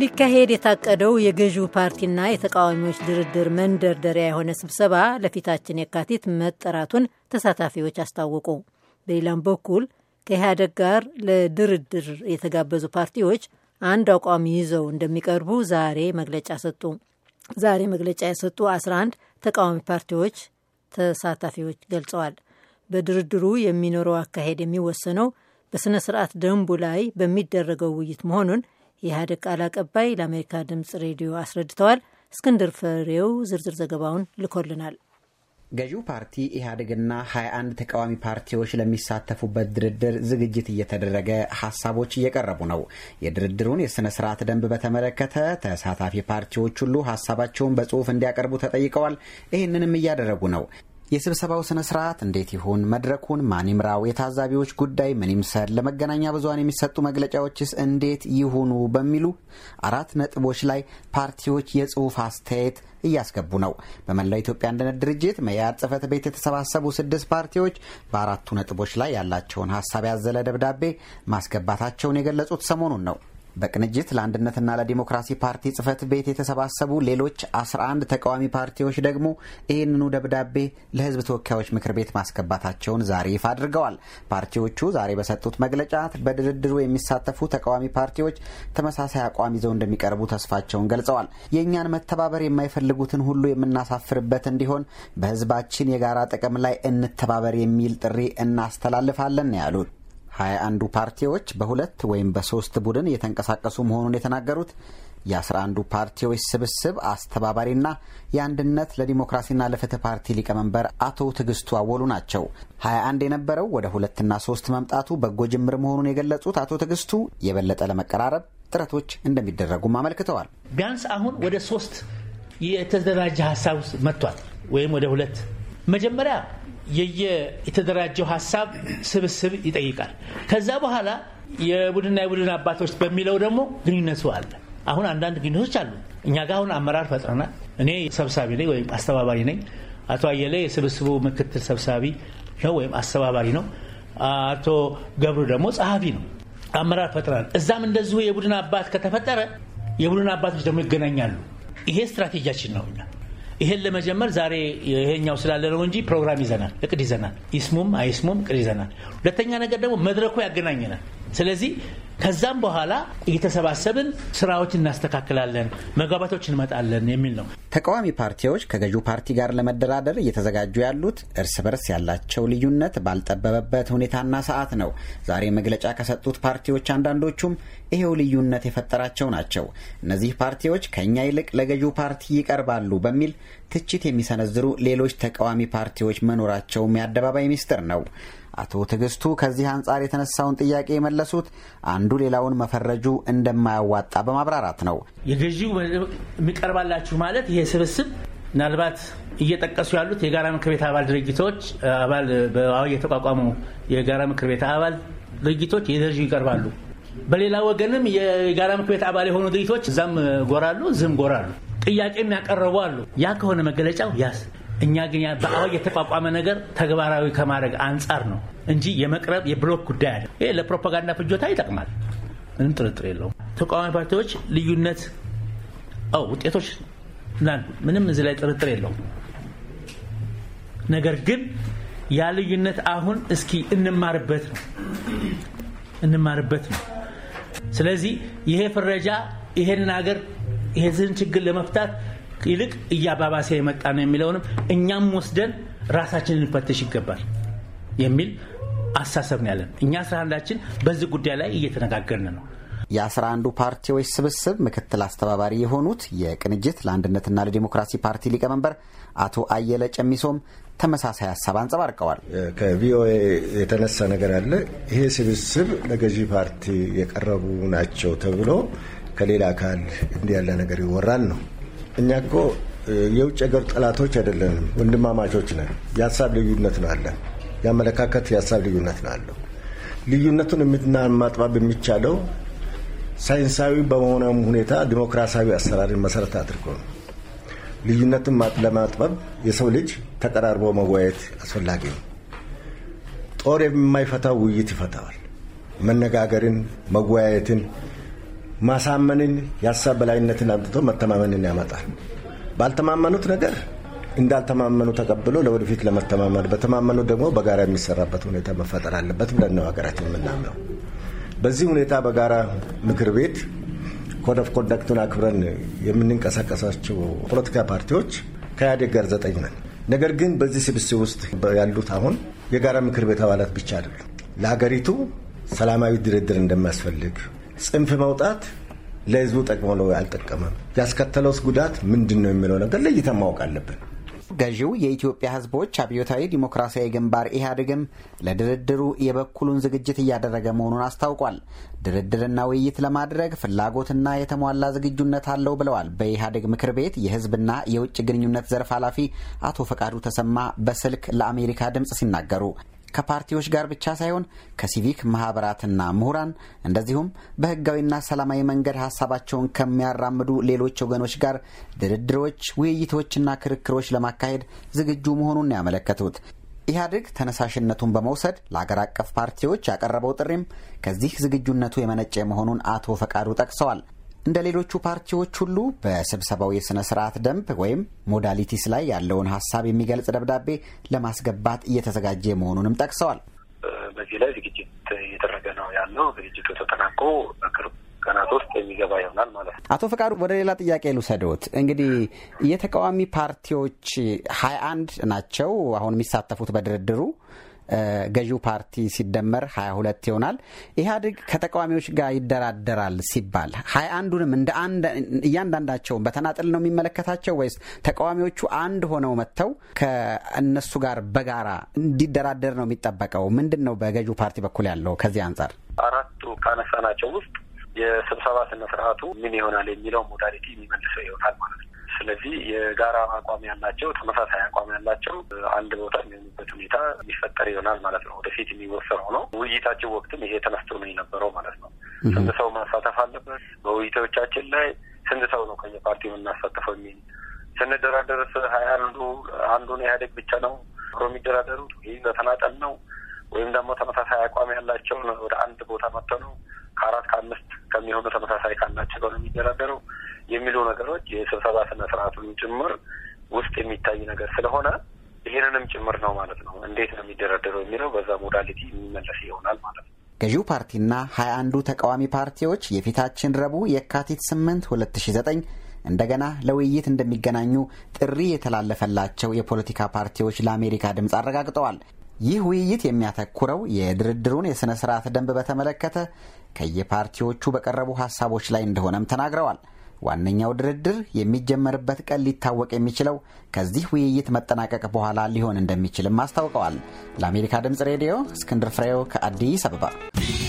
ሊካሄድ የታቀደው የገዢው ፓርቲና የተቃዋሚዎች ድርድር መንደርደሪያ የሆነ ስብሰባ ለፊታችን የካቲት መጠራቱን ተሳታፊዎች አስታወቁ። በሌላም በኩል ከኢህአደግ ጋር ለድርድር የተጋበዙ ፓርቲዎች አንድ አቋም ይዘው እንደሚቀርቡ ዛሬ መግለጫ ሰጡ። ዛሬ መግለጫ የሰጡ 11 ተቃዋሚ ፓርቲዎች ተሳታፊዎች ገልጸዋል። በድርድሩ የሚኖረው አካሄድ የሚወሰነው በሥነ ስርዓት ደንቡ ላይ በሚደረገው ውይይት መሆኑን የኢህአዴግ ቃል አቀባይ ለአሜሪካ ድምፅ ሬዲዮ አስረድተዋል። እስክንድር ፍሬው ዝርዝር ዘገባውን ልኮልናል። ገዢው ፓርቲ ኢህአዴግና 21 ተቃዋሚ ፓርቲዎች ለሚሳተፉበት ድርድር ዝግጅት እየተደረገ ሀሳቦች እየቀረቡ ነው። የድርድሩን የሥነ ሥርዓት ደንብ በተመለከተ ተሳታፊ ፓርቲዎች ሁሉ ሀሳባቸውን በጽሁፍ እንዲያቀርቡ ተጠይቀዋል። ይህንንም እያደረጉ ነው። የስብሰባው ስነ ስርዓት እንዴት ይሁን፣ መድረኩን ማን ይምራው፣ የታዛቢዎች ጉዳይ ምን ይምሰል፣ ለመገናኛ ብዙሀን የሚሰጡ መግለጫዎችስ እንዴት ይሁኑ በሚሉ አራት ነጥቦች ላይ ፓርቲዎች የጽሁፍ አስተያየት እያስገቡ ነው። በመላው ኢትዮጵያ አንድነት ድርጅት መኢአድ ጽሕፈት ቤት የተሰባሰቡ ስድስት ፓርቲዎች በአራቱ ነጥቦች ላይ ያላቸውን ሀሳብ ያዘለ ደብዳቤ ማስገባታቸውን የገለጹት ሰሞኑን ነው። በቅንጅት ለአንድነትና ለዲሞክራሲ ፓርቲ ጽህፈት ቤት የተሰባሰቡ ሌሎች 11 ተቃዋሚ ፓርቲዎች ደግሞ ይህንኑ ደብዳቤ ለህዝብ ተወካዮች ምክር ቤት ማስገባታቸውን ዛሬ ይፋ አድርገዋል። ፓርቲዎቹ ዛሬ በሰጡት መግለጫ በድርድሩ የሚሳተፉ ተቃዋሚ ፓርቲዎች ተመሳሳይ አቋም ይዘው እንደሚቀርቡ ተስፋቸውን ገልጸዋል። የእኛን መተባበር የማይፈልጉትን ሁሉ የምናሳፍርበት እንዲሆን በህዝባችን የጋራ ጥቅም ላይ እንተባበር የሚል ጥሪ እናስተላልፋለን ያሉት ሀያ አንዱ ፓርቲዎች በሁለት ወይም በሶስት ቡድን እየተንቀሳቀሱ መሆኑን የተናገሩት የአስራ አንዱ ፓርቲዎች ስብስብ አስተባባሪና የአንድነት ለዲሞክራሲና ለፍትህ ፓርቲ ሊቀመንበር አቶ ትዕግስቱ አወሉ ናቸው። ሀያ አንድ የነበረው ወደ ሁለትና ሶስት መምጣቱ በጎ ጅምር መሆኑን የገለጹት አቶ ትዕግስቱ የበለጠ ለመቀራረብ ጥረቶች እንደሚደረጉም አመልክተዋል። ቢያንስ አሁን ወደ ሶስት የተደራጀ ሀሳብ መጥቷል፣ ወይም ወደ ሁለት መጀመሪያ የየ የተደራጀው ሀሳብ ስብስብ ይጠይቃል። ከዛ በኋላ የቡድንና የቡድን አባቶች በሚለው ደግሞ ግንኙነቱ አለ። አሁን አንዳንድ ግንኙነቶች አሉ። እኛ ጋር አሁን አመራር ፈጥረናል። እኔ ሰብሳቢ ነኝ ወይም አስተባባሪ ነኝ። አቶ አየለ የስብስቡ ምክትል ሰብሳቢ ነው ወይም አስተባባሪ ነው። አቶ ገብሩ ደግሞ ጸሐፊ ነው። አመራር ፈጥረናል። እዛም እንደዚሁ የቡድን አባት ከተፈጠረ የቡድን አባቶች ደግሞ ይገናኛሉ። ይሄ ስትራቴጂያችን ነው። ይሄን ለመጀመር ዛሬ ይሄኛው ስላለ ነው እንጂ ፕሮግራም ይዘናል፣ እቅድ ይዘናል። ይስሙም አይስሙም እቅድ ይዘናል። ሁለተኛ ነገር ደግሞ መድረኩ ያገናኘናል። ስለዚህ ከዛም በኋላ እየተሰባሰብን ስራዎች እናስተካክላለን፣ መግባባቶች እንመጣለን የሚል ነው። ተቃዋሚ ፓርቲዎች ከገዢው ፓርቲ ጋር ለመደራደር እየተዘጋጁ ያሉት እርስ በርስ ያላቸው ልዩነት ባልጠበበበት ሁኔታና ሰዓት ነው። ዛሬ መግለጫ ከሰጡት ፓርቲዎች አንዳንዶቹም ይሄው ልዩነት የፈጠራቸው ናቸው። እነዚህ ፓርቲዎች ከእኛ ይልቅ ለገዢው ፓርቲ ይቀርባሉ በሚል ትችት የሚሰነዝሩ ሌሎች ተቃዋሚ ፓርቲዎች መኖራቸውም የአደባባይ ሚስጥር ነው። አቶ ትዕግስቱ ከዚህ አንጻር የተነሳውን ጥያቄ የመለሱት አንዱ ሌላውን መፈረጁ እንደማያዋጣ በማብራራት ነው። የገዢው የሚቀርባላችሁ ማለት ይሄ ስብስብ ምናልባት እየጠቀሱ ያሉት የጋራ ምክር ቤት አባል ድርጅቶች አባል በአዊ የተቋቋሙ የጋራ ምክር ቤት አባል ድርጅቶች የገዢው ይቀርባሉ። በሌላ ወገንም የጋራ ምክር ቤት አባል የሆኑ ድርጅቶች እዛም ጎራሉ፣ ዝም ጎራሉ። ጥያቄም ያቀረቡ አሉ። ያ ከሆነ መገለጫው ያስ እኛ ግን በአዋጅ የተቋቋመ ነገር ተግባራዊ ከማድረግ አንጻር ነው እንጂ የመቅረብ የብሎክ ጉዳይ አለ። ይሄ ለፕሮፓጋንዳ ፍጆታ ይጠቅማል፣ ምንም ጥርጥር የለውም። ተቃዋሚ ፓርቲዎች ልዩነት ውጤቶች ምንም እዚህ ላይ ጥርጥር የለውም። ነገር ግን ያ ልዩነት አሁን እስኪ እንማርበት ነው እንማርበት ነው። ስለዚህ ይሄ ፍረጃ ይሄንን ሀገር ይሄን ችግር ለመፍታት ይልቅ እያባባሰ የመጣ ነው የሚለውንም እኛም ወስደን ራሳችን ልንፈትሽ ይገባል የሚል አሳሰብ ነው ያለን። እኛ አስራ አንዳችን በዚህ ጉዳይ ላይ እየተነጋገርን ነው። የአስራ አንዱ ፓርቲዎች ስብስብ ምክትል አስተባባሪ የሆኑት የቅንጅት ለአንድነትና ለዲሞክራሲ ፓርቲ ሊቀመንበር አቶ አየለ ጨሚሶም ተመሳሳይ ሀሳብ አንጸባርቀዋል። ከቪኦኤ የተነሳ ነገር አለ። ይሄ ስብስብ ለገዢ ፓርቲ የቀረቡ ናቸው ተብሎ ከሌላ አካል እንዲህ ያለ ነገር ይወራል ነው እኛ እኮ የውጭ ሀገር ጠላቶች አይደለንም፣ ወንድማማቾች ነን። የሀሳብ ልዩነት ነው አለን። የአመለካከት የሀሳብ ልዩነት ነው አለው። ልዩነቱን ማጥባብ የሚቻለው ሳይንሳዊ በመሆነም ሁኔታ ዲሞክራሲያዊ አሰራርን መሰረት አድርጎ ነው። ልዩነትን ለማጥበብ የሰው ልጅ ተቀራርቦ መወያየት አስፈላጊ ነው። ጦር የማይፈታው ውይይት ይፈታዋል። መነጋገርን፣ መወያየትን ማሳመንን የሀሳብ በላይነትን አምጥቶ መተማመንን ያመጣል። ባልተማመኑት ነገር እንዳልተማመኑ ተቀብሎ ለወደፊት ለመተማመን በተማመኑ ደግሞ በጋራ የሚሰራበት ሁኔታ መፈጠር አለበት ብለን ነው ሀገራችን የምናምነው። በዚህ ሁኔታ በጋራ ምክር ቤት ኮድ ኦፍ ኮንዳክቱን አክብረን የምንንቀሳቀሳቸው ፖለቲካ ፓርቲዎች ከኢህአዴግ ጋር ዘጠኝ ነን። ነገር ግን በዚህ ስብስብ ውስጥ ያሉት አሁን የጋራ ምክር ቤት አባላት ብቻ አይደሉም። ለሀገሪቱ ሰላማዊ ድርድር እንደሚያስፈልግ ጽንፍ መውጣት ለህዝቡ ጠቅሞ ነው ያልጠቀመም፣ ያስከተለውስ ጉዳት ምንድን ነው የሚለው ነገር ለይተን ማወቅ አለብን። ገዢው የኢትዮጵያ ህዝቦች አብዮታዊ ዲሞክራሲያዊ ግንባር ኢህአዴግም ለድርድሩ የበኩሉን ዝግጅት እያደረገ መሆኑን አስታውቋል። ድርድርና ውይይት ለማድረግ ፍላጎትና የተሟላ ዝግጁነት አለው ብለዋል በኢህአዴግ ምክር ቤት የህዝብና የውጭ ግንኙነት ዘርፍ ኃላፊ አቶ ፈቃዱ ተሰማ በስልክ ለአሜሪካ ድምፅ ሲናገሩ ከፓርቲዎች ጋር ብቻ ሳይሆን ከሲቪክ ማህበራትና ምሁራን እንደዚሁም በህጋዊና ሰላማዊ መንገድ ሀሳባቸውን ከሚያራምዱ ሌሎች ወገኖች ጋር ድርድሮች፣ ውይይቶችና ክርክሮች ለማካሄድ ዝግጁ መሆኑን ያመለከቱት ኢህአዴግ ተነሳሽነቱን በመውሰድ ለአገር አቀፍ ፓርቲዎች ያቀረበው ጥሪም ከዚህ ዝግጁነቱ የመነጨ መሆኑን አቶ ፈቃዱ ጠቅሰዋል። እንደ ሌሎቹ ፓርቲዎች ሁሉ በስብሰባው የሥነ ሥርዓት ደንብ ወይም ሞዳሊቲስ ላይ ያለውን ሀሳብ የሚገልጽ ደብዳቤ ለማስገባት እየተዘጋጀ መሆኑንም ጠቅሰዋል። በዚህ ላይ ዝግጅት እየተደረገ ነው ያለው። ዝግጅቱ ተጠናቆ በቅርብ ቀናት ውስጥ የሚገባ ይሆናል ማለት ነው። አቶ ፈቃዱ ወደ ሌላ ጥያቄ ልውሰድዎት። እንግዲህ የተቃዋሚ ፓርቲዎች ሀያ አንድ ናቸው አሁን የሚሳተፉት በድርድሩ ገዢው ፓርቲ ሲደመር ሀያ ሁለት ይሆናል። ኢህአዴግ ከተቃዋሚዎች ጋር ይደራደራል ሲባል ሀያ አንዱንም እንደ አንድ እያንዳንዳቸውን በተናጠል ነው የሚመለከታቸው ወይስ ተቃዋሚዎቹ አንድ ሆነው መጥተው ከእነሱ ጋር በጋራ እንዲደራደር ነው የሚጠበቀው? ምንድን ነው በገዢው ፓርቲ በኩል ያለው ከዚህ አንጻር አራቱ ካነሳናቸው ውስጥ የስብሰባ ስነ ስርዓቱ ምን ይሆናል የሚለው ሞዳሊቲ የሚመልሰው ይሆናል ማለት ነው። ስለዚህ የጋራ አቋም ያላቸው ተመሳሳይ አቋም ያላቸው አንድ ቦታ የሚሆኑበት ሁኔታ የሚፈጠር ይሆናል ማለት ነው። ወደፊት የሚወሰነው ነው። ውይይታችን ወቅትም ይሄ ተነስቶ ነው የነበረው ማለት ነው። ስንት ሰው ማሳተፍ አለበት በውይይቶቻችን ላይ ስንት ሰው ነው ከየፓርቲው የምናሳተፈው የሚል ስንደራደርስ ሀያ አንዱ አንዱን ኢህአዴግ ብቻ ነው አብሮ የሚደራደሩት ይህ በተናጠል ነው ወይም ደግሞ ተመሳሳይ አቋም ያላቸው ወደ አንድ ቦታ መጥተው ነው ከአራት ከአምስት ከሚሆኑ ተመሳሳይ ካላቸው ነው የሚደራደረው የሚሉ ነገሮች የስብሰባ ስነ ስርዓቱን ጭምር ውስጥ የሚታይ ነገር ስለሆነ ይህንንም ጭምር ነው ማለት ነው። እንዴት ነው የሚደረደረው የሚለው በዛ ሞዳሊቲ የሚመለስ ይሆናል ማለት ነው። ገዢው ፓርቲና ሀያ አንዱ ተቃዋሚ ፓርቲዎች የፊታችን ረቡዕ የካቲት ስምንት ሁለት ሺ ዘጠኝ እንደገና ለውይይት እንደሚገናኙ ጥሪ የተላለፈላቸው የፖለቲካ ፓርቲዎች ለአሜሪካ ድምፅ አረጋግጠዋል። ይህ ውይይት የሚያተኩረው የድርድሩን የሥነ ሥርዓት ደንብ በተመለከተ ከየፓርቲዎቹ በቀረቡ ሀሳቦች ላይ እንደሆነም ተናግረዋል። ዋነኛው ድርድር የሚጀመርበት ቀን ሊታወቅ የሚችለው ከዚህ ውይይት መጠናቀቅ በኋላ ሊሆን እንደሚችልም አስታውቀዋል። ለአሜሪካ ድምፅ ሬዲዮ እስክንድር ፍሬው ከአዲስ አበባ